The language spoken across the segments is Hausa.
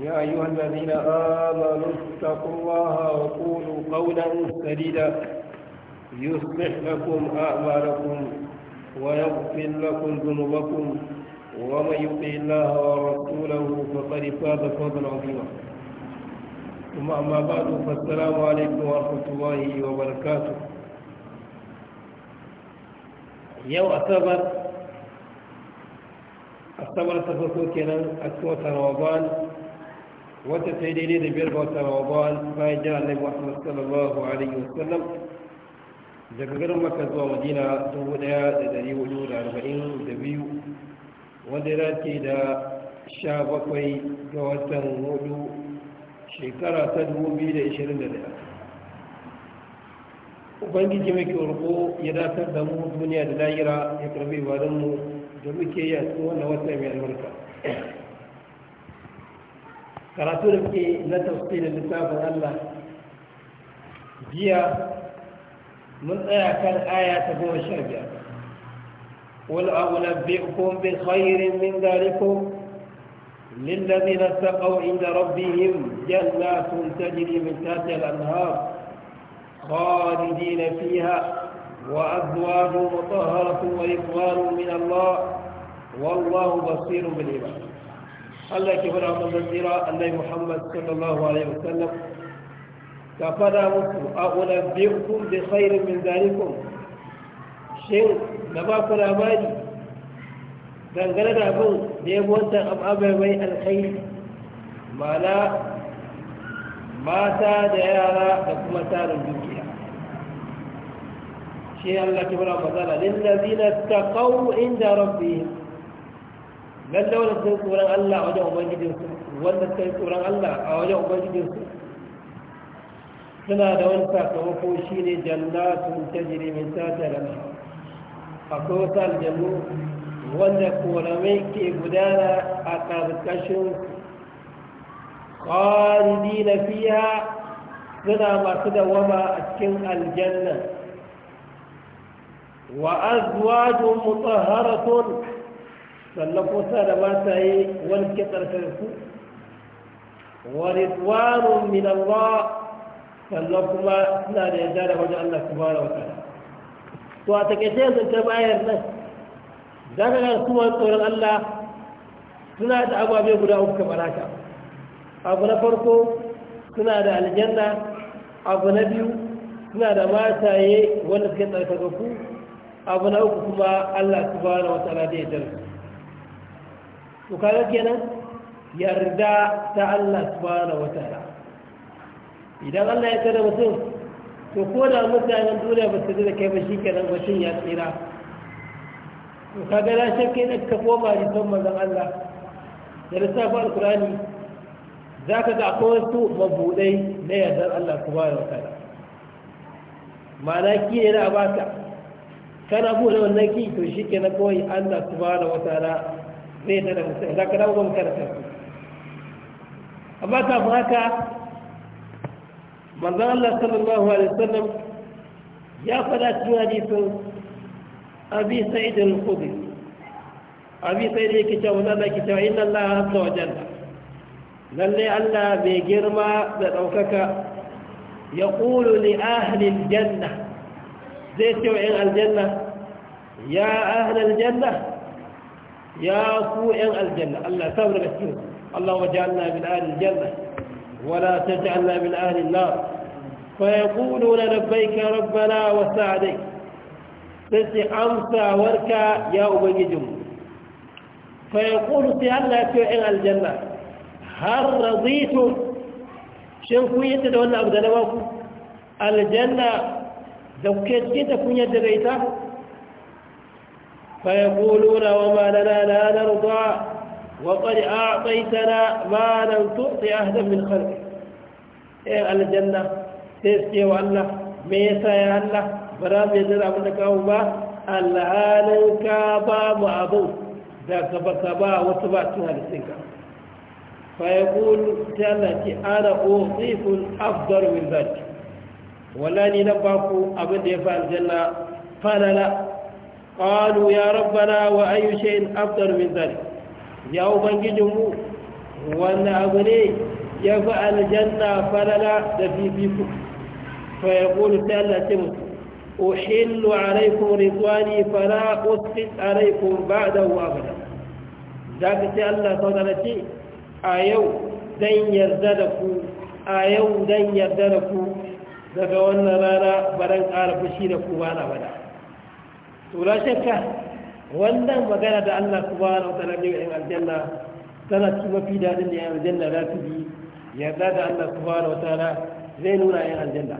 يا أيها الذين آمنوا اتقوا الله وقولوا قولا سديدا يصلح لكم أعمالكم ويغفر لكم ذنوبكم ومن يطع الله ورسوله فقد فاز فوزا عظيما ثم أما بعد فالسلام عليكم ورحمة الله وبركاته يوم أصبر أصبر تفكر كنا أكوة رمضان wata sai daidai da biyar bauta ramadan bayan jira annabi muhammad sallallahu alaihi wasallam daga garin maka zuwa madina dubu daya da dari hudu da arba'in da biyu wanda ya ce da sha bakwai ga watan hudu shekara ta dubu biyu da ishirin da daya ubangiji mai kyau ya datar da mu duniya da lahira ya karbi mu da muke yi a cikin wannan wata mai albarka karatu da muke na tafsirin littafin Allah jiya mun tsaya kan aya ta goma sha biyar قل أنبئكم بخير من ذلكم للذين اتقوا عند ربهم جنات تجري من تحتها الأنهار خالدين فيها وأزواج مطهرة ورضوان من الله والله بصير بالعباد Allah ke fara manzon tsira annabi Muhammad sallallahu alaihi wasallam ka fada muku a unabbiukum bi khairin min zalikum shin da ba ku labari dangane da abin da ya wancan ababai mai alkhairi ma'ana mata da yara da kuma tarin dukiya shi Allah ke fara manzon lillazina taqaw inda rabbihim lalle wanda sai tsoron Allah a wajen ubangijin su wanda sai tsoron Allah a wajen ubangijin suna da wani sakamako shine jannatun tajri min tahtiha al-anhar akwai wasu aljannu wanda koramai ke gudana a ƙarƙashin ƙwaridi na fiya suna masu dawama a cikin aljanna wa azwajun mutahharatun sannan ko sa da ba ta yi wani ke tsarkarku wani tsawarun minan ba sannan kuma suna da yadda da wajen Allah su bara wata to a takaice yanzu ta bayar nan za ka su kuma tsoron Allah suna da ababe guda uku kamar haka abu na farko suna da aljanna abu na biyu suna da mataye wani suke tsarkakaku abu na uku kuma Allah su ba da ta'ala da ya su to kaga kenan yarda ta Allah subhanahu wataala idan Allah ya tsada mutum to ko da mutanen duniya ba su da kai ba shi kenan mutum ya tsira to kaga ga shakka da ka koma ji son manzon Allah da lissafin alkurani za ka ga akwai wasu mabuɗai na yardar Allah subhanahu wataala ma'ana ki ne na Ka kana buɗe wannan ki to shi kenan kawai Allah subhanahu wataala zai da da musulun za ka dawo ba mu amma kafin haka manzan Allah sallallahu alaihi wasallam ya fada cikin hadisin abi sa'id al-khudri abi sa'id yake cewa wannan yake cewa inna Allah azza wa jalla lalle Allah bai girma da daukaka ya qulu li ahli al-janna zai ce wa yan aljanna ya ahli al-janna ya ku ƴan aljanna Allah ya samu daga cikin Allah wa ja'alna min ahli aljanna wa la taj'alna min ahli an-nar fa yaquluna labbaika rabbana wa sa'dik sai amsa warka ya ubangijinmu fa yaqulu sai Allah ya ce ƴan aljanna har raditu shin kun yadda da wannan abu da na baku aljanna da ku ke ta kun yadda da ita فيقولون وما لنا لا نرضى وقد أعطيتنا ما لم تعطي أهدا من خلقك إيه الجنة تسكي والله ميسا يا الله برام يدر عبدك أوبا الآن كابا معبو ذاك بكبا وتبعتها لسنك فيقول تعالى أنا أوصيف أفضل من ذلك ولا نبقى أبدا يفعل الجنة فأنا لا qalu ya rabbana wa ayu shay'in afdal min dhalik ya mu wanda abu ne ya fi aljanna falala da fifiku fa ya kulu sai Allah ce mu uhillu alaikum ridwani fala usqit alaikum ba'da wa abada zaka ce Allah ta tsara ce a yau dan yarda da ku a yau dan yarda da ku daga wannan rana baran ƙara shi da ku ba na bada Tura la shakka wannan magana da Allah subhanahu na wata ya yin aljanna tana ci mafi daɗin da yan aljanna za su bi yarda da Allah na wata na zai nuna yan aljanna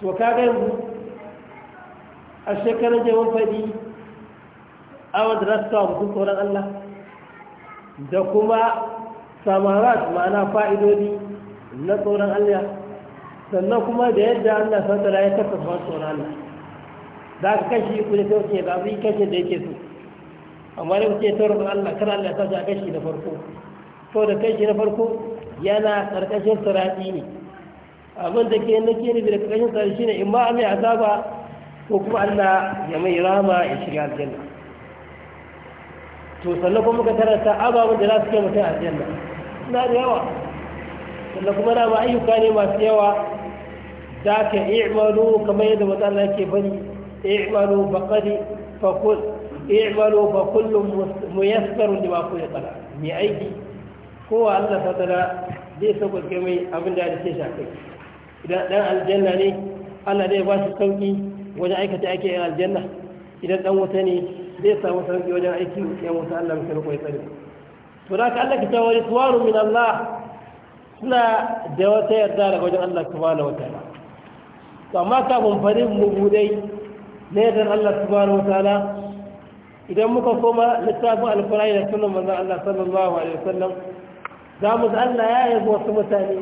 to kaga yanzu a shekarar jawon fadi awon da za su mutum tsoron Allah da kuma samarat ma'ana fa'idodi na tsoron Allah sannan kuma da yadda Allah sautara ya tafafa tsoron Allah za ka kashi ku da sauke za su yi kashin da yake so amma da kuke ta rufin allah kan allah ta a kashi na farko to da kashi na farko yana karkashin sarati ne abin da ke nake ne da karkashin sarati shine in ma a mai azaba ko kuma allah ya mai rama ya shiga aljanna to sannan kuma muka taranta ababen da za su ke mutum aljanna suna da yawa sannan kuma na ma ayyuka ne masu yawa za ka iya malu kamar yadda matsala ke bari اعملوا فقد فكل اعملوا فكل ميسر لما خلق aiki kowa Allah fatara zai sauƙaƙe mai abin da ake shafi idan aljanna ne Allah zai ba sauƙi wajen aikata ake yin aljanna idan ɗan wuta zai samu sauƙi wajen aiki yan wuta Allah mai sarƙo ya tsare da ka Allah ki Allah suna da yarda daga wajen Allah subhanahu amma kafin farin mu na yadda Allah subhanahu wa ta'ala idan muka koma littafin alkurai da sunan manzan Allah sallallahu alaihi wasallam za mu da Allah ya yi wasu mutane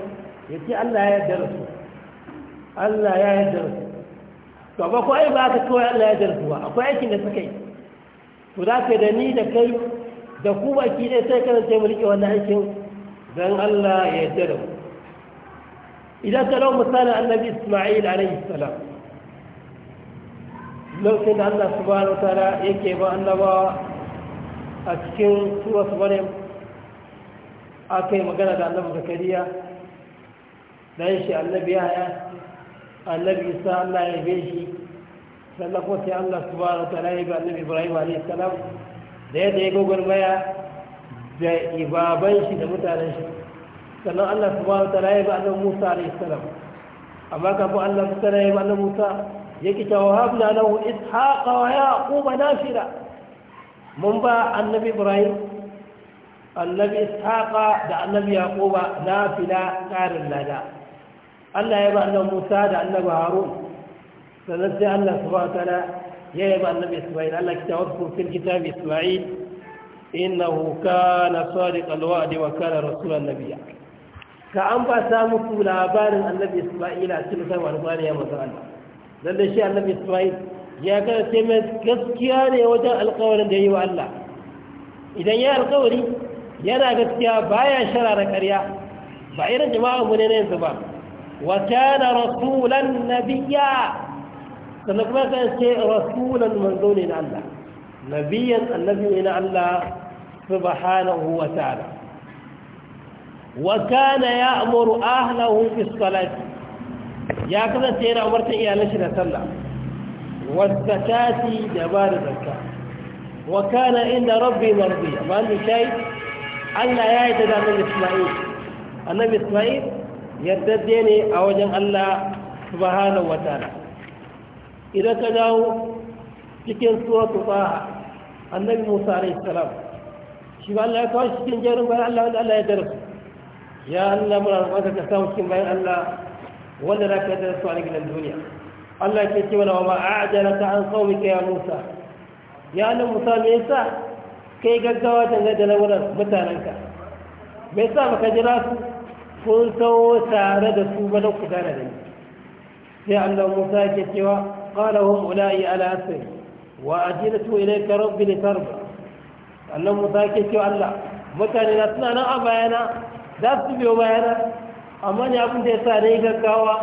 ya ce Allah ya yarda su Allah ya yarda su to ba ko ai ba ka kawai Allah ya yarda su ba akwai aikin da suka yi to za ka da ni da kai da ku baki dai sai kana sai mu wannan aikin don Allah ya yarda mu idan ka lau misalin annabi Isma'il alaihi salam lokacin da Allah subhanahu ta'ala yake ba annabawa a cikin surat bane aka yi magana da annabi zakariya da ya shi annabi yaya annabi isa Allah ya be shi sannan kuma sai Allah subhanahu ta'ala ya bi annabi ibrahim a.s. da yadda ya baya da ibaban shi da mutanen shi sannan Allah subhanahu ta'ala ya bi annabi musa a.s. amma kafin Allah subhanahu ta'ala ya bi annabi musa yake ta wahabna lahu ishaqa wa yaquba nafila mun ba annabi ibrahim annabi ishaqa da annabi yaquba nafila karin lada Allah ya ba annabi Musa da annabi Harun sannan sai Allah subhanahu wa ta'ala ya yi ba annabi Isma'il Allah kita wasu fil kitab Isma'il innahu kana sadiqal wa'di wa kana rasulan nabiyya ka an ba samu labarin annabi Isma'ila cikin sai wani ya manzo Allah lalle shi annabi Isma'il ya kada sai mai gaskiya ne wajen alƙawarin da ya yi wa Allah idan ya alƙawari yana gaskiya baya shara da ƙarya ba irin jama'a mu ne na yanzu ba Wata na rasulan Nabiya. sannan kuma kan ce rasulan manzo ne na Allah nabiyan annabi ne na Allah subhanahu wa ta'ala wa kana ya'muru ahlahu bis salati ya kasance yana umarta iyalan shi da sallah wasakati da ba da zakka wa kana inda rabbi marbi amma ni shay Allah ya yi ta damar Isma'il annabi Isma'il yardadde ne a wajen Allah subhanahu wa ta'ala idan ka dawo cikin suratu taha annabi Musa alayhi salam shi ba Allah ya kawo cikin jerin bayan Allah wanda Allah ya darasu ya Allah muna rubuta ka samu cikin bayan Allah wanda za ka yi su a gidan duniya Allah ke ce wani wa ma'ajala ta an saumika ya Musa ya nan Musa me yasa kai gaggawa dangane da lamuran mutanenka me yasa baka jira su kun sau tare da su ba na ku gane da ni sai Allah Musa ke cewa qala hum ulai ala asri wa ajilatu ilayka rabbi ba? Allah Musa ke cewa Allah mutane na suna nan a bayana za su biyo bayana amma ne abin da ya sa dai gaggawa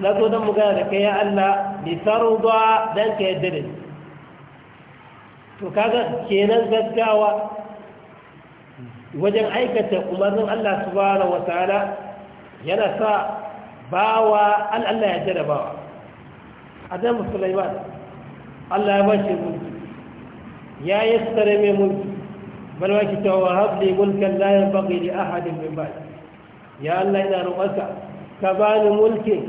na zo don magana da kai ya Allah bi sarwa dan ka yadda da ni to kaga kenan gaggawa wajen aikata umarnin Allah subhanahu wataala yana sa bawa an ya jira bawa adam Sulaiman Allah ya bashi mulki ya yassare mai mulki bal wa kitawa habli mulkan la yanbaghi li ahadin min ba'di ya Allah ina roƙonka ka bani mulkin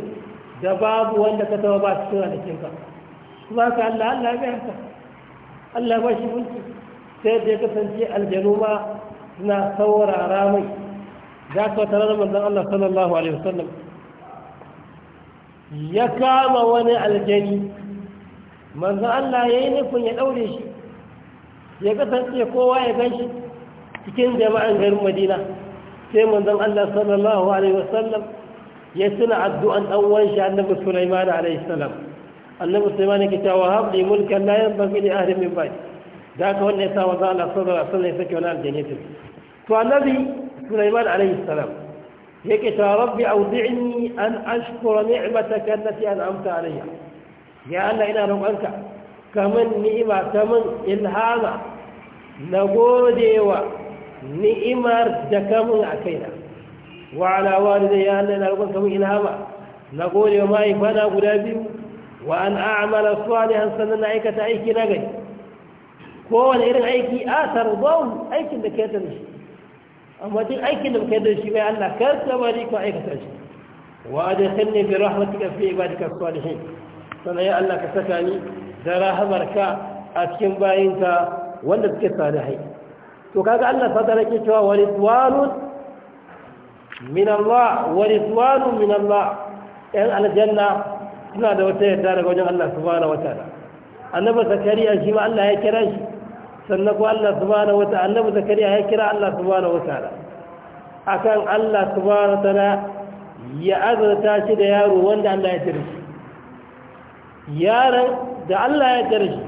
da babu wanda ka taba ba cikin halittinka su ba ka Allah Allah bai haka Allah ba shi mulki sai da ya kasance aljanu ma suna saurara mai za ka tare da manzon Allah sallallahu alaihi wasallam ya kama wani aljani manzon Allah ya yi nufin ya daure shi ya kasance kowa ya gan shi cikin jama'an garin Madina sai manzon Allah sallallahu alaihi wasallam ya tuna addu'an dan uwan shi annabi Sulaiman alaihi salam annabi Sulaiman yake cewa hab li mulkan la yanbaghi li ahli min ba'd da ka wannan yasa manzon Allah sallallahu alaihi wasallam ya sake wannan aljannatin to annabi Sulaiman alaihi salam yake cewa rabbi awdi'ni an ashkura ni'mataka allati an'amta alayya ya Allah ina roƙonka kaman ni'ima ta min ilhama na godewa ni'imar da kamun a kaina wa alawa da ya Allah na roƙon kamun ilhama na gode wa mahaifana guda biyu wa an a'amala salihan sannan na aikata aiki na gari kowane irin aiki a tarbahu aikin da ka yarda shi amma duk aikin da ka da shi bai Allah kar ka bari ka aikata shi wa adkhilni bi rahmatika fi ibadika salihin sannan ya Allah ka saka ni da rahamarka a cikin bayinka wanda suke salihai to kaga Allah fata rake cewa wa ridwanun min Allah wa ridwanun min Allah ɗan aljanna suna da wata yadda daga wajen Allah subhanahu wataala annabi zakariya shi ma Allah ya kira shi sannan ko Allah subhanahu wataala annabi zakariya ya kira Allah subhanahu wataala akan Allah subhanahu wataala ya azurta shi da yaro wanda Allah ya shi. yaron da Allah ya shi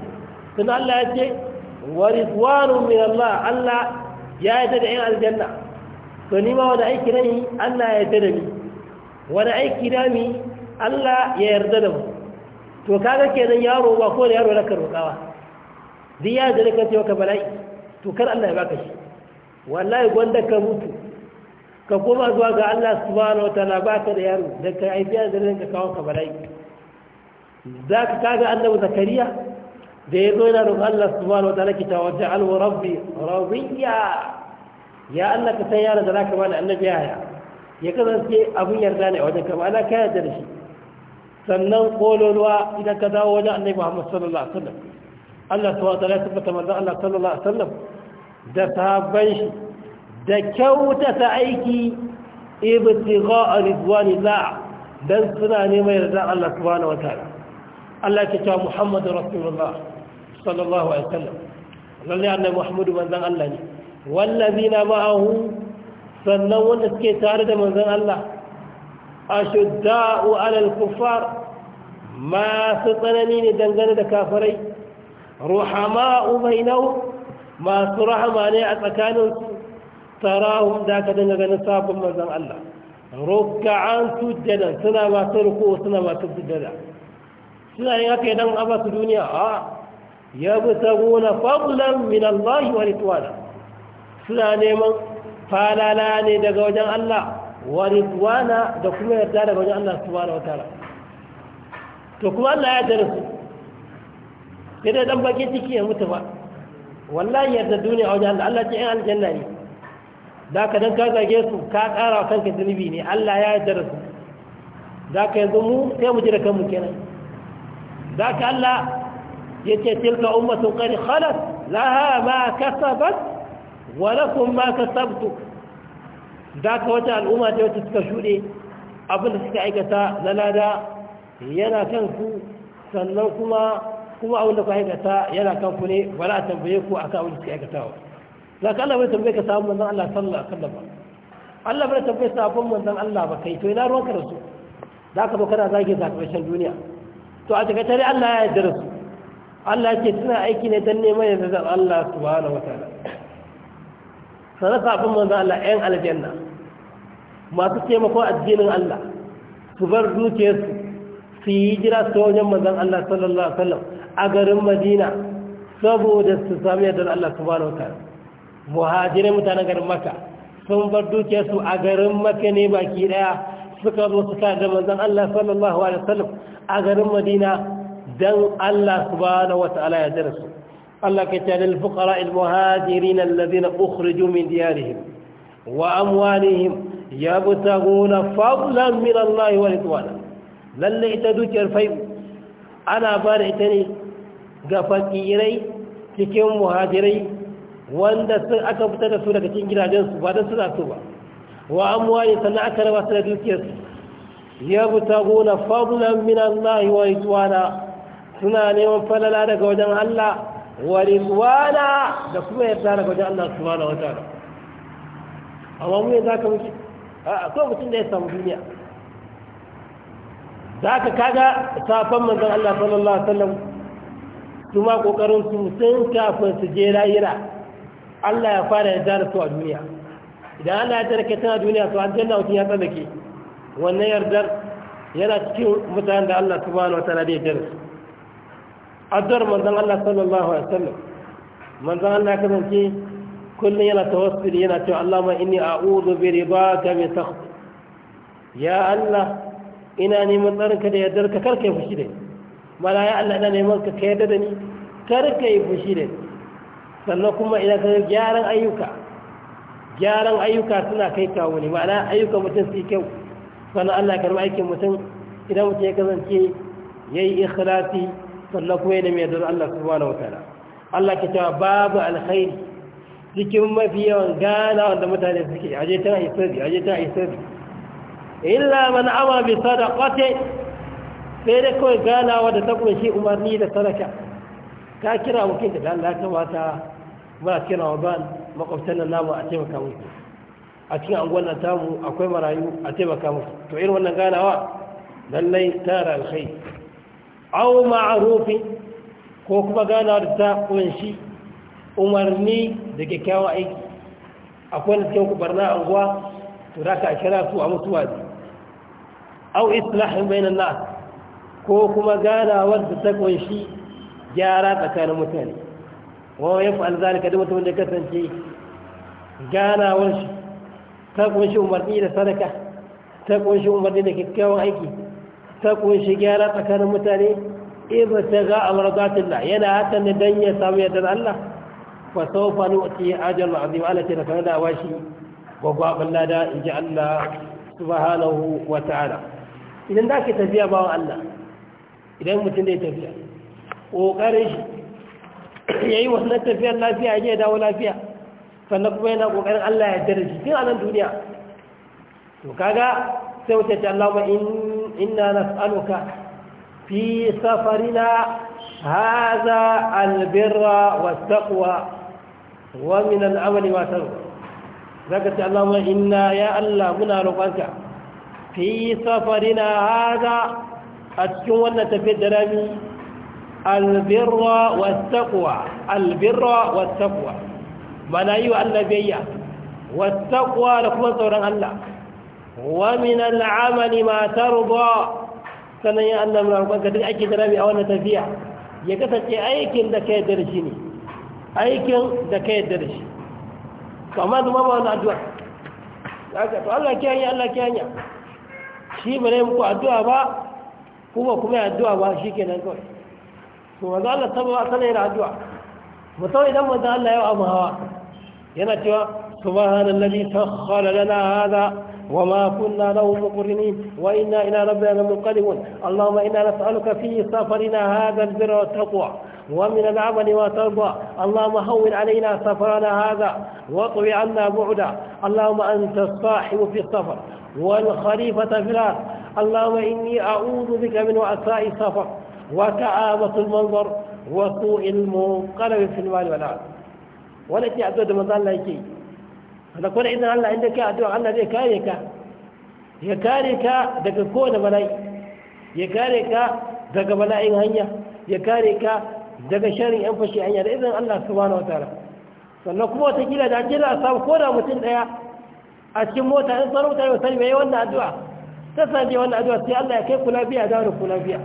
sun Allah ya ce wa ridwanun min Allah Allah ya yarda da 'yan aljanna to ni ma wani aiki nani Allah ya yarda da mi wani aiki na Allah ya yarda da mu to kaga kenan yaro ba ko da yaro na karukawa duk ya yarda kan cewa ka bala'i to kar Allah ya baka shi wallahi gwanda ka mutu ka koma zuwa ga Allah subhanahu wataala baka da yaro da ka haifi da ka kawo ka bala'i za ka kaga annabi zakariya da ya zo yana roƙon Allah subhanahu wa ta'ala kita wajen alwa rabbi rabiya ya Allah ka san yara da za ka bani annabi yaya ya kasance abin yarda ne a wajen kama ana ka da shi sannan kololuwa idan ka dawo wajen annabi Muhammad sallallahu alaihi wasallam Allah subhanahu wa ta'ala ya tabbata manzon Allah sallallahu alaihi wasallam da sahabban shi da kyautata aiki ibtigha ridwanillah dan suna neman yarda Allah subhanahu wa ta'ala Allah ya ce Muhammadu rasulullah sallallahu alaihi wasallam lalle Muhammadu Allah ne wallazina ma'ahu sannan wanda suke tare da manzan Allah ashudda'u 'alal kuffar masu tsanani ne dangane da kafarai ruhama'u bainahum masu rahama ne a tsakaninsu tarahum da aka dinga ganin sabon manzan Allah rukka'an sujjadan suna masu ruku suna masu sujjada suna yin haka idan a basu duniya a yabtaguna fadlan min Allah wa ridwana suna neman falala ne daga wajen Allah wa ridwana da kuma yarda daga wajen Allah su wata wataala to kuma Allah ya yarda su sai dai dan baki ciki ya mutu ba wallahi yarda duniya a wajen Allah Allah ce in aljanna ne da ka dan ka zage su ka kara wa kanka zunubi ne Allah ya yarda su da ka yanzu mu sai mu ji da kanmu kenan da ka Allah yace tilka ummatun qad khalat laha ma kasabat wa lakum ma kasabtu ka wata al'umma ta wata suka shude abinda suka aikata na lada yana kan ku sannan kuma kuma abinda ku aikata yana kan ku ne ba za a tambaye ku akan abinda suka aikatawa za ka Allah bai tambaye ka samu manzon Allah sallallahu alaihi wasallam Allah bai tambaye sabon manzon Allah ba kai to ina ruwan ruwanka da su za ka zo kana zage zakabashin duniya to a takaitar Allah ya yarda da su Allah ce suna aiki ne don neman ya zazzar Allah su subhanahu wataala sanar sabon manzan Allah ‘yan aljanna masu taimako addinin Allah su bar zuciyarsu su yi jira su wajen manzan Allah sallallahu Alaihi wasallam a garin Madina saboda su sami yadda Allah su wata Mu muhajirai mutanen garin Makka sun bar dukiyarsu a garin Makka ne baki daya suka zo suka da manzan Allah sallallahu Alaihi wasallam a garin Madina dan Allah subhanahu wata'ala ya darasu Allah ke tare da fuqara al-muhajirin alladhina ukhriju min diyarihim wa amwalihim yabtaguna fadlan min Allah wa ridwana lalle ita dukiyar fai ana ba ita ne ga fakirai cikin muhajirai wanda sun aka fita da su daga cikin gidajensu ba da suna so ba wa amwani sannan aka raba su da dukiyarsu ya buta gona fadlan min Allah wa ridwana suna neman falala daga wajen Allah wa rizwana da kuma yarda daga wajen Allah subhanahu wa ta'ala amma mu za ka muke a ko mutum da ya samu duniya Za ka kaga safan manzon Allah sallallahu alaihi wasallam kuma kokarin su sun kafin su je rayira Allah ya fara ya da su a duniya idan Allah ya tarke tana duniya to aljanna mutum ya tsallake wannan yardar yana cikin mutanen da Allah subhanahu wa ta'ala da ya su addu'ar manzon Allah sallallahu alaihi wasallam manzon Allah kasance kullum yana tawassuli yana cewa Allahumma inni a'udhu bi ridaka min ya Allah ina neman tsarinka da yardar ka yi fushi da ni mala ya Allah ina neman ka ka yarda da ni karka yi fushi da ni sannan kuma ina ka gyaran ayyuka gyaran ayyuka suna kai kawo ne ma'ana ayyukan mutum su yi kyau sannan Allah ya karɓi aikin mutum idan mutum ya kasance yayi yi ikhlasi sannan kuma yana mai yardar Allah subhanahu wataala Allah ke cewa babu alkhairi cikin mafi yawan gana wanda mutane suke aje ta hisabi aje ta hisabi illa man ama bi sadaqati sai dai kawai ganawa da ta kunshi umarni da sadaka ka kira mutum da Allah ta wata ba kira wa ban makwabtan nan namu a taimaka musu a cikin anguwan nan tamu akwai marayu a taimaka musu to irin wannan ganawa lallai tara alkhairi au ma'arufin ko kuma gana da ta kunshi umarni da kyakkyawan aiki akwai da cikin kubarna a guwa to za ka kira su a mutuwa ne au islahin bainan nas ko kuma ganawar da ta kunshi gyara tsakanin mutane wawa ya fa'al zalika da mutum da kasance ganawar shi ta kunshi umarni da sadaka ta kunshi umarni da kyakkyawan aiki ta kunshi gyara tsakanin mutane iza ta ga amurzatillah yana hakan ne don ya samu yadda Allah sau ajiyar ala ce da sanar da washi gwagwabin lada in ji Allah idan da tafiya bawan Allah idan mutum da ya tafiya ƙoƙarin shi ya yi wannan tafiyar lafiya ya dawo lafiya sannan kuma yana ƙoƙarin Allah ya darashi tun a nan duniya to kaga sai wuce ce Allah ma in إنا نسألك في سفرنا هذا البر والتقوى ومن العمل والتقوى ذكرت اللهم إنا يا الله منا ربك في سفرنا هذا أتكون تفيد رمي البر والتقوى البر والتقوى من أيها النبي والتقوى لكم صورا الله ومن العمل ما ترضى sannan yin Allah mai rukunka duk ake da rabi a wannan tafiya ya kasance aikin da ka yadda shi ne aikin da ka yadda shi kama zama ba wani addu'a haka to Allah ke hanya Allah ke hanya shi ba ne muku addu'a ba kuma kuma ya addu'a ba shi ke nan kawai to wanzu Allah ta ba sanar yana addu'a musamman idan manzo Allah ya wa hawa yana cewa subhanallazi sakhkhara lana hadha وما كنا له مقرنين وإنا إلى ربنا لمنقلبون اللهم إنا نسألك في سفرنا هذا البر والتقوى ومن العمل ما ترضى اللهم هون علينا سفرنا هذا واطوي عنا بعدا اللهم أنت الصاحب في السفر والخليفة في الأرض اللهم إني أعوذ بك من وعساء السفر وكآبة المنظر وسوء المنقلب في المال والعاد ولكن أعدد من ذلك da kuma idan Allah inda kai addu'a Allah zai kare ka ya kare ka daga kowane bala'i ya kare ka daga bala'in hanya ya kare ka daga sharin yan fashi hanya da idan Allah subhanahu wataala sannan kuma wata kila da kila a samu ko da mutum daya a cikin mota in tsaro mutane sani mai wannan addu'a ta sani wannan addu'a sai Allah ya kai ku lafiya da ku lafiya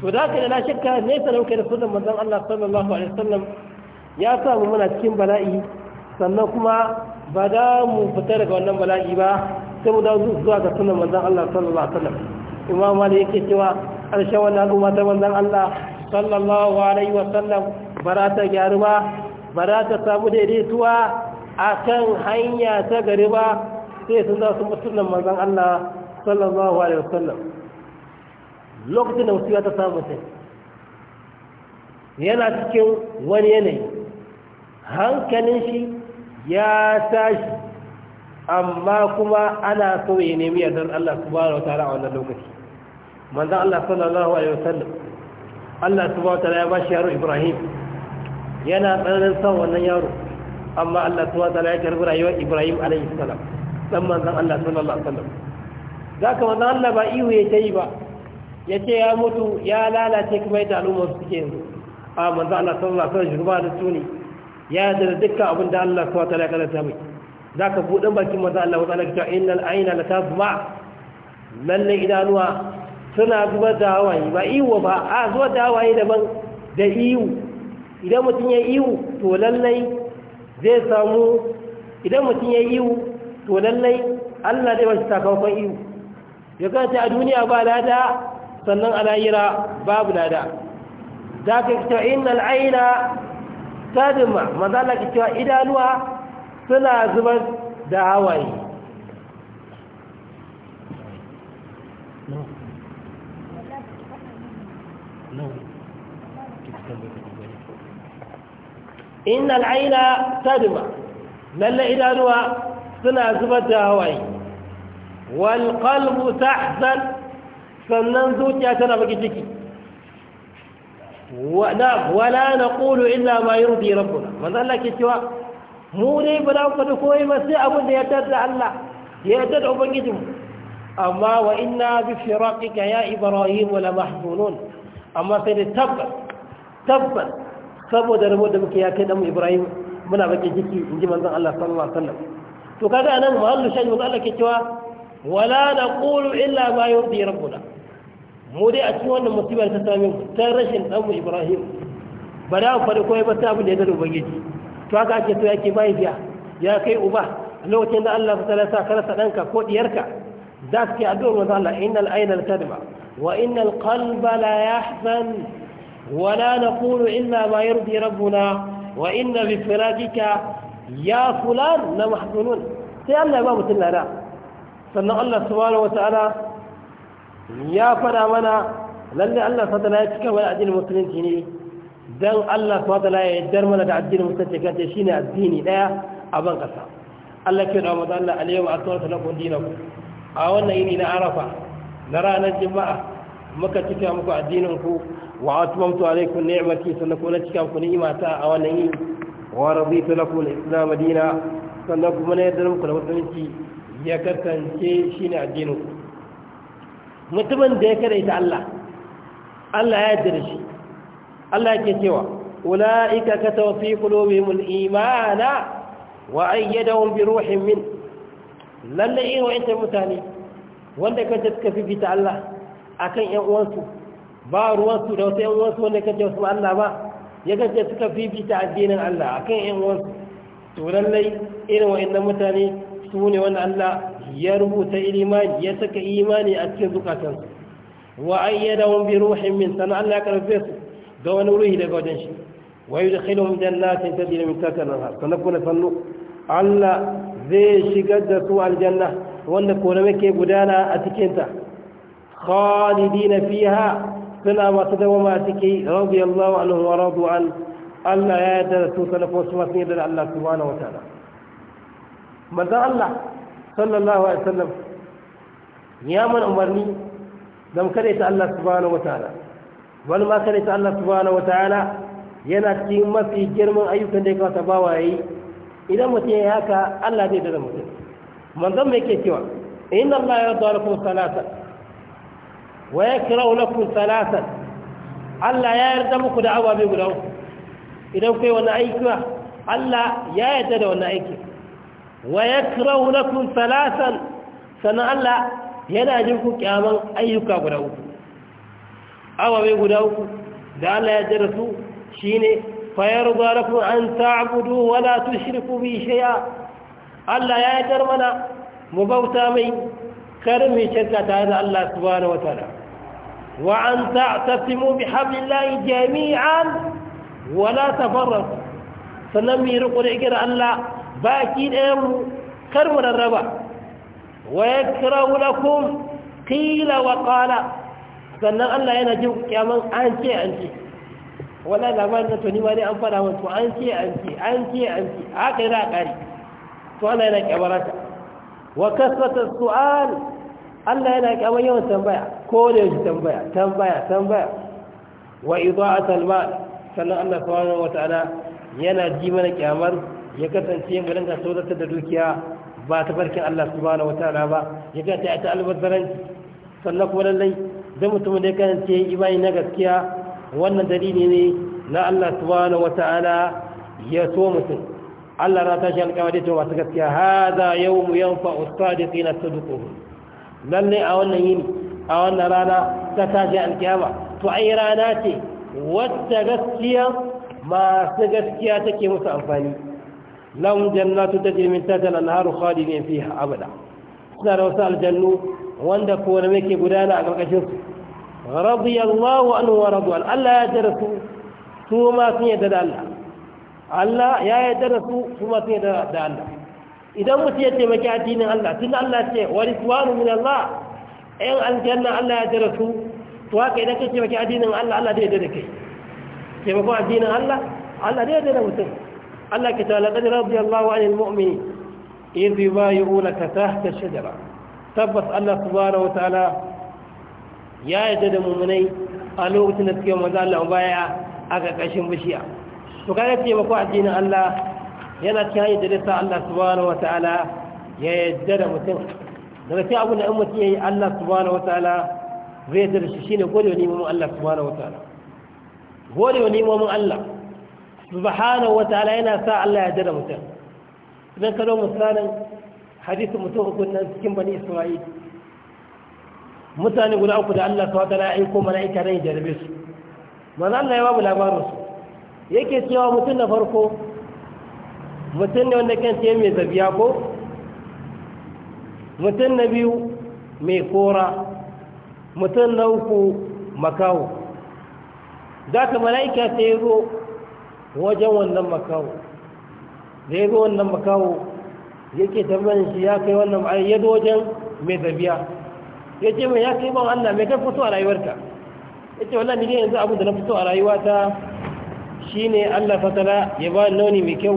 to da haka da na shakka nesa da kai da sunan manzon Allah sallallahu alaihi wasallam ya samu muna cikin bala'i sannan kuma ba za mu fita daga wannan bala'i ba sai mu dawo zuwa ga sunan manzon Allah sallallahu alaihi wasallam imamu mali yake cewa karshen wannan al'umma ta manzon Allah sallallahu alaihi wasallam ba za ta gyaru ba ba za ta samu daidaituwa a kan hanya ta gari ba sai sun za su sunan manzan Allah sallallahu alaihi wasallam lokacin da mutuwa ta samu sai yana cikin wani yanayi hankalin shi ya tashi amma kuma ana so ya nemi yardar Allah subhanahu wataala a wannan lokaci manzon Allah sallallahu alaihi wasallam Allah subhanahu wataala ya bashi yaro Ibrahim yana tsananin son wannan yaro amma Allah subhanahu wataala ya karbi rayuwar Ibrahim alaihi salam dan manzon Allah sallallahu alaihi wasallam zaka manzon Allah ba ihu ya yi ba ya ce ya mutu ya lalace kuma ya al'ummar suke yanzu a manzon Allah sallallahu alaihi wasallam jurba da tuni ya yi da dukkan abin da Allah subhanahu wataala ya ta mai za ka buɗe bakin masu Allah wa ta'ala cewa aina ayna ta tazma Lallai idanuwa suna zuba da hawaye ba iwo ba a zuwa da hawaye daban da iwu idan mutum ya iwu to lallai zai samu idan mutum ya iwu to lallai Allah zai wasu sakamakon iwu ya kanta a duniya ba lada sannan a lahira babu lada za ka ita innal aina ma mazala ke cewa idanuwa suna zubar da hawaye inna al'aina ma lalle idanuwa suna zubar da hawaye wal ta tahzan sannan zuciya tana baki ciki wala na ƙulu illa ma yi rufi rabbuna manzo Allah ke cewa mu dai ba za ku faɗi ba sai abin da ya tadda Allah ya yarda da ubangijin amma wa inna bi firaqika ya ibrahim la mahzunun amma sai da tabbas tabbas saboda rabo da muke ya kai dan ibrahim muna baki jiki in ji manzon Allah sallallahu alaihi wasallam to kaga anan mahallu shan manzo Allah ke cewa wala na ƙulu illa ma yurdi rabbuna mu dai a cikin wannan musibar ta sami mu ta rashin dan mu Ibrahim ba da fara koyi ba sai abin da ya dalo ubangiji to aka ake to yake bai biya ya kai uba lokacin da Allah ta sa ka rasa danka ko diyarka za ka yi addu'ar manzo Allah innal aynal kadba wa innal qalba la yahzan wa la naqulu illa ma yardi rabbuna wa inna bi firajika ya fulan la mahzunun sai Allah ya ba mutun lada sannan Allah subhanahu wa ta'ala ya fada mana lalle Allah fatala ya cika wani addinin musulunci ne dan Allah fatala ya yaddar mana da addinin musulunci shi ne addini ɗaya a ban kasa Allah ke da mata Allah alayhi wa na lakum dinakum a wannan yini na Arafa na ranar Juma'a muka cika muku addinin ku wa atmamtu alaykum ni'mati sannan kuma cika muku ni'imata a wannan yini wa raditu lakum al-islam dina sannan kuma ne da muku da musulunci ya kasance shine addinin ku mutumin da ya karaita Allah Allah ya yadda da shi Allah yake cewa ulaika ka fi qulubihimul imana wa ayyadahum bi ruhin min lalle irin ta mutane wanda kanta suka fita Allah akan ƴan uwansu ba ruwansu da wasu ƴan wanda wanda kanta wasu Allah ba ya ta suka fita addinin Allah akan ƴan uwansu to lallai irin wa'annan mutane su ne wanda Allah ya rubuta imani ya saka imani a cikin zukatansu wa ayyadahum bi ruhin min sana Allah ya karfe su da wani ruhi daga wajen shi wa yudkhiluhum jannatin tajri min tahtiha al-anhar sana kuna sanu Allah zai shigar da su aljanna wanda korame ke gudana a cikin ta khalidina fiha suna masu dawama a ciki radiyallahu anhu wa radu an Allah ya yarda da su sana kuma su masu yarda da Allah subhanahu wa ta'ala manzon Allah sallallahu alaihi wasallam ya mana umarni dan kare ta Allah subhanahu wataala wani ma kare ta Allah subhanahu wataala yana cikin mafi girman ayyukan da ya kawata ba yayi idan mutum ya haka Allah zai dada mutum manzon mai yake cewa inna Allah ya yarda lakum salatan wa yakrahu lakum salata Allah ya yarda muku da ababe guda uku idan kai wani aiki Allah ya yarda da wani aiki wa yakrahu lakum salasan sannan Allah yana jin ku kyaman ayyuka guda uku Awabe guda uku da Allah ya jira su shine fa yarda lakum an ta'budu wa la bi shay'a Allah ya yarda mana mu bauta mai kar mu shirka tare da Allah subhanahu wataala wa an ta'tasimu bi hablillahi jami'an wala tafarraqu sannan mu riƙo da igira Allah baki ɗayanmu kar mu rarraba wa ya kira wulakun kila wa ƙala sannan Allah yana jin kyaman an ce an ce wala labarin da tuni ma dai an fara wasu an ce an ce an ce an ce haka yana ƙari to Allah yana kyamarata wa kasfata su'al Allah yana kyaman yawan tambaya ko da yaushe tambaya tambaya tambaya wa a mal sannan Allah wa ta'ala yana ji mana kyamar ya kasance mu rinka tsoratar da dukiya ba ta barkin Allah wata wataala ba ya kasance a ta albazaranci sannan kuma lallai zai mutum da ya kasance imani na gaskiya wannan dalili ne na Allah wata ala ya so mutum Allah na tashi da to masu gaskiya yau mu hada yawmu yanfa usadiqina saduquhum lalle a wannan yini a wannan rana ta tashi alƙiyama to ai rana ce wata gaskiya masu gaskiya take musu amfani lahum jannatu tajri min tahtiha al-anharu khalidin fiha abada suna da wasu aljannu wanda ko kone muke gudana a ƙarƙashin su radiyallahu anhu wa radwan Allah ya yarda su su ma sun yarda da Allah Allah ya yarda da su su ma sun yarda da Allah idan mutum ya taimaki addinin Allah tun Allah ce wa rizwanu min Allah ayan aljanna Allah ya yarda su to haka idan kai taimaki addinin Allah Allah zai yarda da kai taimakon addinin Allah Allah zai yarda da mutum Allah ke tala kadi radi Allahu an almu'mini idh yubayyi'unaka tahta shajara tabbas Allah subhanahu wa ta'ala ya yadda da mu'minai a lokacin da suke manzo Allah baya a karkashin bishiya to kaga ce ba ko addinin Allah yana cikin da sa Allah subhanahu wa ta'ala ya yadda da mutum daga da in Allah subhanahu wa ta'ala zai yadda shi shine gode wa Allah wa wataala yana sa Allah ya jira mutum idan ka zo misalin hadisi mutum uku nan cikin bani isra'il mutane guda uku da Allah subhanahu wataala ya aiko mala'ika dan ya jarabe su manzo Allah ya babu labarin su yake cewa mutum na farko mutum ne wanda kan ya mai zabiya ko mutum na biyu mai kora mutum na uku makawo za ka mala'ika sai ya zo wajen wannan makawo da ya wannan makawo yake tambayin shi ya kai wannan ma'ayi ya wajen mai zabiya ya ce mai ya kai ban allah mai kai fito a rayuwarka ya ce wallah ni ne yanzu abin da na fito a rayuwata ne allah fatara ya ba launi mai kyau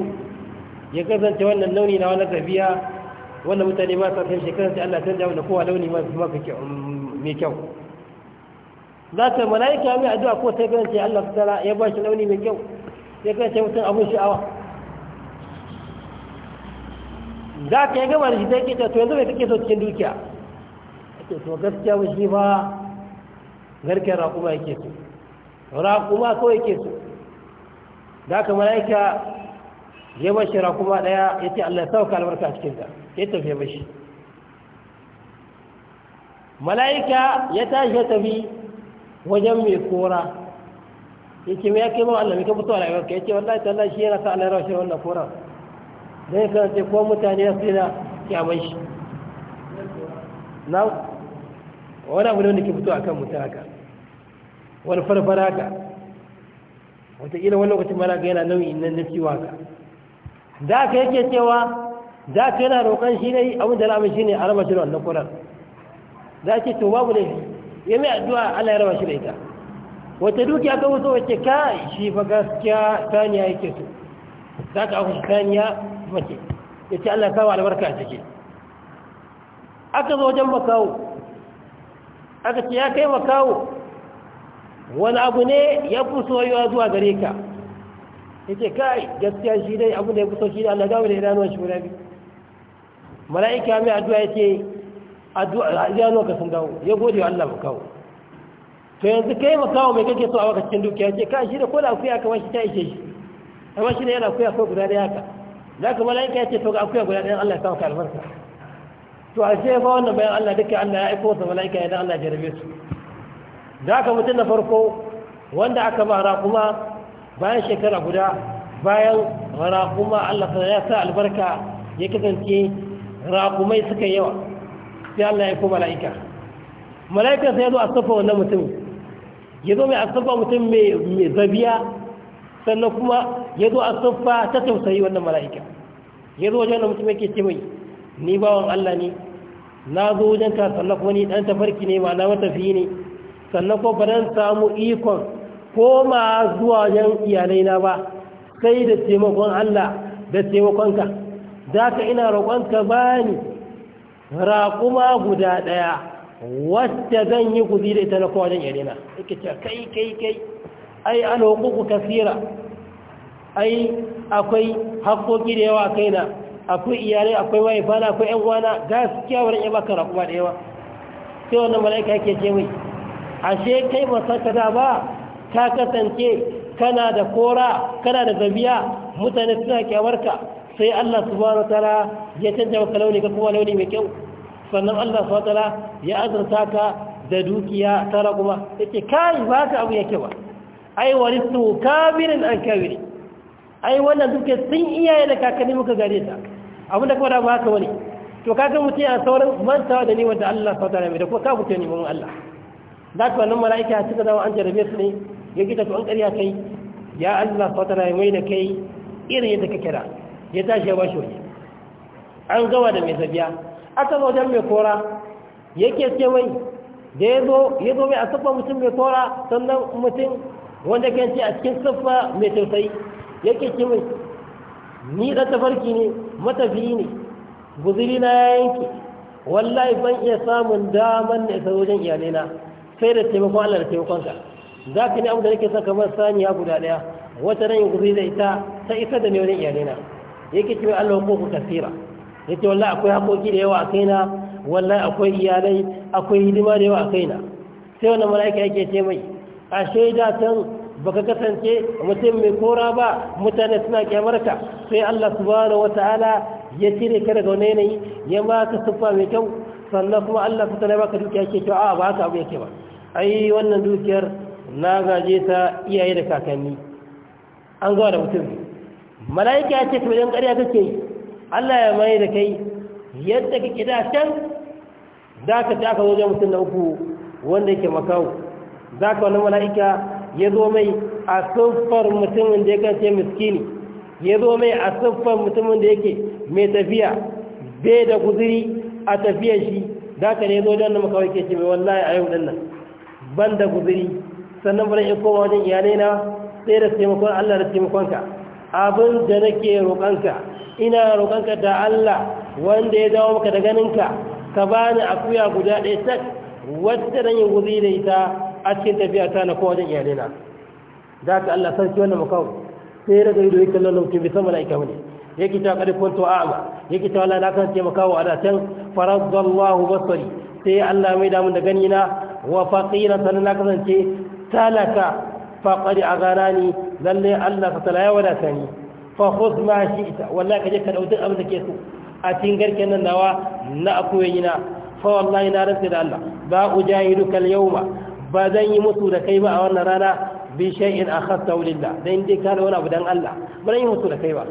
ya kasance wannan launi na wani zabiya wanda mutane ma sa san shekarar kasance allah canja da kowa launi ma su maka mai kyau za ta mala'ika mai addu'a ko ta kasance allah fatala ya ba shi launi mai kyau sai kai ce mutum abin sha'awa za ka yi gama da shi sai ke ce to yanzu mai kake so cikin dukiya ake to gaskiya mu shi ba garken raƙuma yake so raƙuma kawai yake so za ka mala'ika ya mashi raƙuma ɗaya ya ce allah ya sauka albarka cikin ta ya tafi mashi mala'ika ya tashi ya tafi wajen mai kora yace me yake ma Allah me ka fito a rayuwarka yace wallahi tallahi shi yana sa Allah rawashi wannan koran dan ya kasance ko mutane ya tsira mai shi na wani abu ne wanda ke fito a kan mutum haka wani farfara haka wataƙila wani lokacin mara ga yana nau'i na ciwo haka da aka yake cewa da aka yana roƙon shi ne abin da lamun shi ne a raba shi da wannan kuran za a ce to babu ne ya mai addu'a Allah ya raba shi da ita wata dukiya aka wuce wace ka shi fa gaskiya saniya yake su za ka shi saniya mace ya ce allah kawo albarka ta ke aka zo wajen makawo aka ce ya kai makawo wani abu ne ya fi soyuwa zuwa gare ka ya ce kai gaskiya shi dai abu da ya fi so shi da allah gawo da iranuwa shi guda biyu mala'ika mai addu'a ya ce idanuwa ka sun gawo ya gode wa allah makawo to yanzu ka yi makawo mai kake so a waka cikin dukiya ce ka shi da ko da akuya kamar shi ta ishe shi kamar shi ne yana akuya ko guda da haka za ka mala'ika ya ce to ga akuya guda da 'yan Allah ya sa maka albarka to a ce fa wannan bayan Allah duka Allah ya aiko sa mala'ika ya dan Allah jarabe su da ka mutum na farko wanda aka ba raƙuma bayan shekara guda bayan raƙuma Allah ya sa albarka ya kasance raƙumai suka yawa sai Allah ya ko mala'ika mala'ika sai ya zo a safa wannan mutum ya zo mai asaffa mutum mai zabiya sannan kuma ya zo asaffa ta tausayi wannan mala'ika ya zo wajen da mutum yake ce mai ni bawan Allah ne na zo wajen ka sannan kuma ni dan tafarki ne ma na matafi ne sannan kuma ban samu ikon koma zuwa wajen iyalai na ba sai da taimakon Allah da taimakonka da ka ina ka bani raƙuma guda ɗaya wata zan yi kuzi da ita na kowa don yarena ce kai kai kai ai an hukuku kasira ai akwai haƙoƙi da yawa a kaina akwai iyalai akwai waye bana akwai yan wana gaskiya wani yaba ka rakuwa da yawa sai wannan mala'ika ke ce mai ashe kai ba sakata ba ka kasance kana da kora kana da zabiya mutane suna kyawarka sai Allah subhanahu wa ta'ala ya canja maka launi ka kuma launi mai kyau sannan Allah fatala ya azurta ka da dukiya tara kuma ce kai ba ka abu yake ba ai waristu kabirin an kabiri ai wannan duke sun iyaye da kakanni muka gare ta abin da kuma da haka wani to kaga mutum yana sauran mantawa da ni wanda Allah fatala mai da kuma ka mutum neman Allah za ka wannan mala'ika suka zama an jarabe su ne ya gida to an ƙarya kai ya Allah fatala mai da kai irin yadda ka kira ya tashi ya bashi wani an gawa da mai zabiya aka wajen mai kora yake ce mai da ya zo ya zo mai a siffa mutum mai kora sannan mutum wanda kan ce a cikin siffa mai tausayi yake ce mai ni da tafarki ne matafiyi ne guzuri na ya yanke wallahi ban iya samun daman na isa wajen iyalaina sai da taimakon Allah da taimakonka za ka ne abinda nake son kamar saniya guda ɗaya wata ran guzuri da ita ta isa da ne wajen iyalaina yake ce mai Allah ko ku kasira ya ce wallahi akwai haƙoƙi da yawa a kaina wallahi akwai iyalai akwai hidima da yawa a kaina sai wani mala'ika yake ce mai a shaida can baka kasance mutum mai kora ba mutane suna kyamarka sai Allah subhanahu ta'ala ya cire ka daga wani yanayi ya baka siffa mai kyau sannan kuma Allah ta tana baka dukiya ke kyau a ba ka abu yake ba ai wannan dukiyar na gaje ta iyaye da kakanni an gawa da mutum mala'ika ya ce kuma yan ƙarya kake yi Allah ya mai da kai yadda kake da can za ka taka wajen mutum na uku wanda yake makau za ka wani mala'ika ya zo mai a siffar mutumin da ya kance miskini ya zo mai a siffar mutumin da yake mai tafiya bai da guziri a tafiyar shi za ka ne zo don na makawai ke ce mai wallahi a yau dinnan ban da guziri sannan bari in koma wajen iyalai na sai da taimakon allah da taimakonka abin da nake roƙonka ina roƙonka da Allah wanda ya dawo maka da ganinka ka bani akuya guda ɗaya tak wacce dan yin guzi da ita a cikin tafiya ta na kowa wajen iyalina da ka Allah sarki wannan makawo sai daga ido yake lallon kin bi sama na ikamu ne yake ta ko to a'ama yake ta Allah na kan taimakawa a da can faradallahu basari sai Allah mai mun da gani na wa faqira sanan na kasance talaka faqari agharani lalle Allah ta tala ya wadata ni fa khudh ma shi'ta wallahi kaje ka dauki abin da ke so a cikin garken nan nawa na akoyi na fa wallahi na rantsa da Allah ba ujahiduka al-yawma ba zan yi mutu da kai ba a wannan rana bi shay'in akhadta lillah dan dai kana wani abu dan Allah ba zan yi mutu da kai ba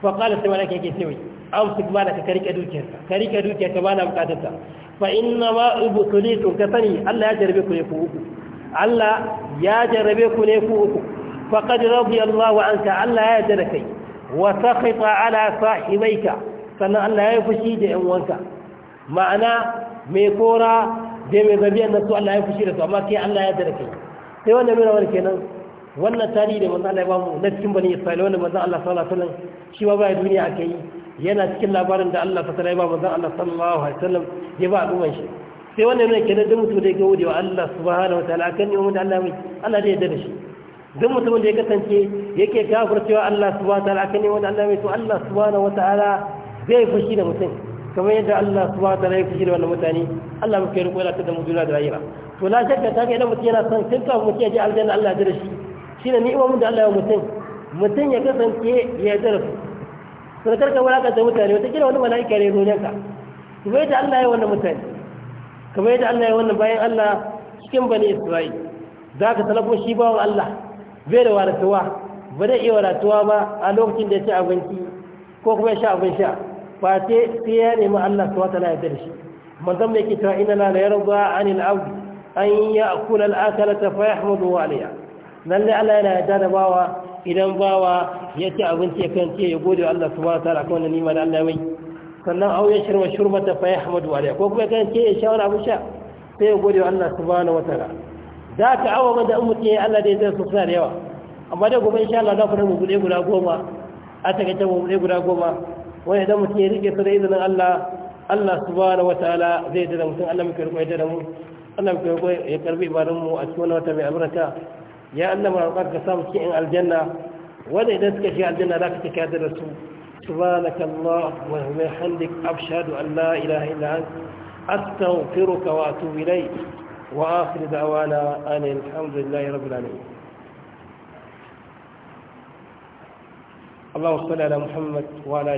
fa qala sai malaka yake sai amsik malaka ka rike dukiyarka ka rike dukiyarka ba na bukatarta fa inna ma ubtulitu ka sani Allah ya jarbe ku ne ku uku Allah ya jarrabe ku ne ku uku faqad radiyallahu anka Allah ya yarda da kai wa sakhita ala sahibaika sannan Allah ya yi fushi da yan wanka ma'ana mai kora da mai zabiyan nan su Allah ya yi fushi da su amma kai Allah ya dare kai sai wanda mai rawar kenan wannan tarihi da manzo Allah ya bamu na cikin bani Isra'ila wanda manzo Allah sallallahu alaihi wasallam shi ma ba duniya akai yana cikin labarin da Allah ta ya ba manzo Allah sallallahu alaihi wasallam ya ba al'umman shi sai wannan ne kenan da mutu da ya gode wa Allah subhanahu wataala kan yi mun Allah ya mai Allah da ya da shi duk mutumin da ya kasance yake kafircewa Allah subhanahu wataala akan ne wanda Allah mai su Allah subhanahu wataala zai fushi da mutum kamar yadda Allah subhanahu wataala ya fushi da wannan mutane Allah muke riko yana tada mu juna da rayuwa to la shakka ta kai idan mutum yana son tun kafin mutum ya je aljanna Allah ya shi shine ni'imomin da Allah ya mutum mutum ya kasance ya dara su to karka wulakanta mutane wata kila wani mala'ika ne ruwanka kamar yadda Allah ya wannan mutane kamar yadda Allah ya wannan bayan Allah cikin bani Isra'il za ka talabo shi bawan Allah bai da wadatuwa ba zai iya wadatuwa ba a lokacin da ya ci abinci ko kuma ya sha abin sha ba ce sai ya nemi Allah su wata la'adar shi manzan mai kita ina na da yarba an abu an yi a kula al'akala ta fa yahmudu wa aliya lalle Allah yana yarda da bawa idan bawa ya ci abinci ya kan ya gode wa Allah su subhanahu wataala kan wannan nima da Allah mai sannan au ya shirma shurma ta fa yahmudu wa aliya ko kuma ya kan ce ya sha wani abu sha sai ya gode wa Allah su subhanahu wataala za ka awa da an mutum ya Allah da ya zai suna da yawa amma da gobe insha Allah za ku mu buɗe guda goma a takaice mu buɗe guda goma wani idan mutum ya rike su da izinin Allah Allah subhanahu wataala zai da mutum Allah muke riko ya da mu Allah muke riko ya karɓi ibadan mu a cikin wata mai albarka ya Allah mu roƙa ka samu cikin aljanna wanda idan suka shiga aljanna za ka cika da su سبحانك اللهم وبحمدك أشهد أن لا إله إلا أنت أستغفرك وأتوب إليك وآخر دعوانا أن الحمد لله رب العالمين اللهم صل على محمد وعلى